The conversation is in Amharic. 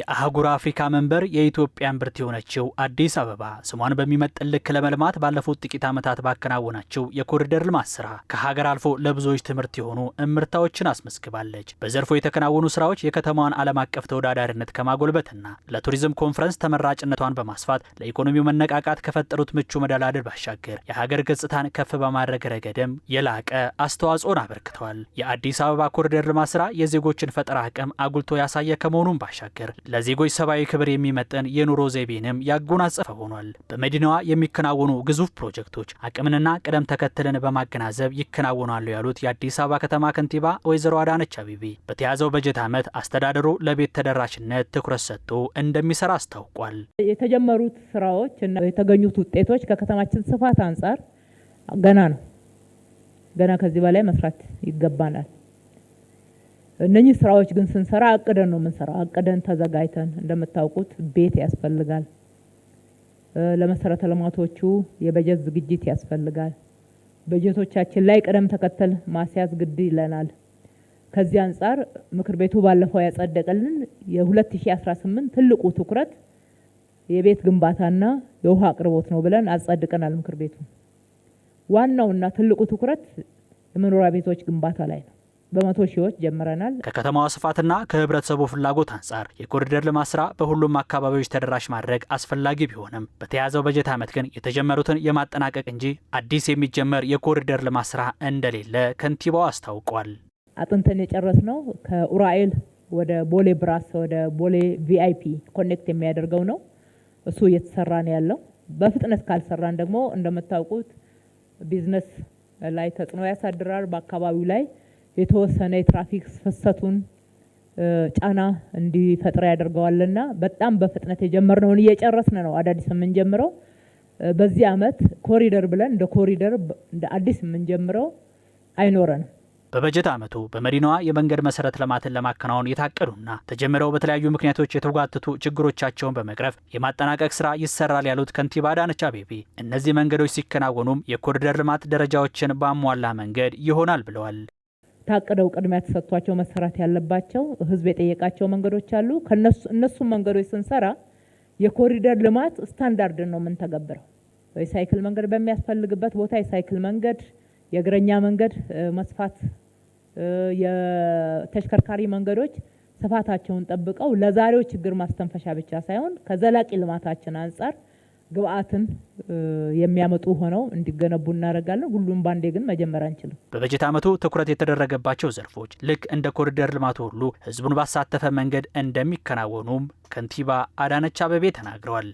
የአህጉር አፍሪካ መንበር የኢትዮጵያን ብርት የሆነችው አዲስ አበባ ስሟን በሚመጥን ልክ ለመልማት ባለፉት ጥቂት ዓመታት ባከናወናቸው የኮሪደር ልማት ስራ ከሀገር አልፎ ለብዙዎች ትምህርት የሆኑ እምርታዎችን አስመዝግባለች። በዘርፉ የተከናወኑ ስራዎች የከተማዋን ዓለም አቀፍ ተወዳዳሪነት ከማጎልበትና ለቱሪዝም ኮንፈረንስ ተመራጭነቷን በማስፋት ለኢኮኖሚው መነቃቃት ከፈጠሩት ምቹ መደላደል ባሻገር የሀገር ገጽታን ከፍ በማድረግ ረገድም የላቀ አስተዋጽኦን አበርክተዋል። የአዲስ አበባ ኮሪደር ልማት ስራ የዜጎችን ፈጠራ አቅም አጉልቶ ያሳየ ከመሆኑም ባሻገር ለዜጎች ሰብአዊ ክብር የሚመጠን የኑሮ ዘይቤንም ያጎናጸፈ ሆኗል። በመዲናዋ የሚከናወኑ ግዙፍ ፕሮጀክቶች አቅምንና ቅደም ተከተልን በማገናዘብ ይከናወናሉ ያሉት የአዲስ አበባ ከተማ ከንቲባ ወይዘሮ አዳነች አቤቤ በተያዘው በጀት ዓመት አስተዳደሩ ለቤት ተደራሽነት ትኩረት ሰጥቶ እንደሚሰራ አስታውቋል። የተጀመሩት ስራዎች እና የተገኙት ውጤቶች ከከተማችን ስፋት አንጻር ገና ነው። ገና ከዚህ በላይ መስራት ይገባናል። እነኚህ ስራዎች ግን ስንሰራ አቅደን ነው የምንሰራው። አቅደን ተዘጋጅተን እንደምታውቁት ቤት ያስፈልጋል። ለመሰረተ ልማቶቹ የበጀት ዝግጅት ያስፈልጋል። በጀቶቻችን ላይ ቅደም ተከተል ማስያዝ ግድ ይለናል። ከዚህ አንጻር ምክር ቤቱ ባለፈው ያጸደቀልን የ2018 ትልቁ ትኩረት የቤት ግንባታና የውሃ አቅርቦት ነው ብለን አጸድቀናል። ምክር ቤቱ ዋናውና ትልቁ ትኩረት የመኖሪያ ቤቶች ግንባታ ላይ ነው። በመቶ ሺዎች ጀምረናል። ከከተማዋ ስፋትና ከህብረተሰቡ ፍላጎት አንጻር የኮሪደር ልማት ስራ በሁሉም አካባቢዎች ተደራሽ ማድረግ አስፈላጊ ቢሆንም በተያዘው በጀት ዓመት ግን የተጀመሩትን የማጠናቀቅ እንጂ አዲስ የሚጀመር የኮሪደር ልማት ስራ እንደሌለ ከንቲባው አስታውቋል። አጥንተን የጨረስ ነው ከኡራኤል ወደ ቦሌ ብራስ ወደ ቦሌ ቪአይፒ ኮኔክት የሚያደርገው ነው። እሱ እየተሰራ ነው ያለው። በፍጥነት ካልሰራን ደግሞ እንደምታውቁት ቢዝነስ ላይ ተጽዕኖ ያሳድራል በአካባቢው ላይ የተወሰነ የትራፊክ ፍሰቱን ጫና እንዲፈጥር ያደርገዋልና በጣም በፍጥነት የጀመርነውን እየጨረስን ነው። አዳዲስ የምንጀምረው በዚህ አመት ኮሪደር ብለን እንደ ኮሪደር እንደ አዲስ የምንጀምረው አይኖረንም። በበጀት ዓመቱ በመዲናዋ የመንገድ መሰረተ ልማትን ለማከናወን የታቀዱና ተጀምረው በተለያዩ ምክንያቶች የተጓተቱ ችግሮቻቸውን በመቅረፍ የማጠናቀቅ ስራ ይሰራል ያሉት ከንቲባ አዳነች አቤቤ እነዚህ መንገዶች ሲከናወኑም የኮሪደር ልማት ደረጃዎችን ባሟላ መንገድ ይሆናል ብለዋል። ታቅደው ቅድሚያ ተሰጥቷቸው መሰራት ያለባቸው ህዝብ የጠየቃቸው መንገዶች አሉ። ከነሱ እነሱም መንገዶች ስንሰራ የኮሪደር ልማት ስታንዳርድ ነው የምንተገብረው። የሳይክል መንገድ በሚያስፈልግበት ቦታ የሳይክል መንገድ፣ የእግረኛ መንገድ መስፋት፣ የተሽከርካሪ መንገዶች ስፋታቸውን ጠብቀው ለዛሬው ችግር ማስተንፈሻ ብቻ ሳይሆን ከዘላቂ ልማታችን አንጻር ግብአትን የሚያመጡ ሆነው እንዲገነቡ እናደርጋለን። ሁሉም ባንዴ ግን መጀመር አንችልም። በበጀት ዓመቱ ትኩረት የተደረገባቸው ዘርፎች ልክ እንደ ኮሪደር ልማቱ ሁሉ ህዝቡን ባሳተፈ መንገድ እንደሚከናወኑም ከንቲባ አዳነች አበቤ ተናግረዋል።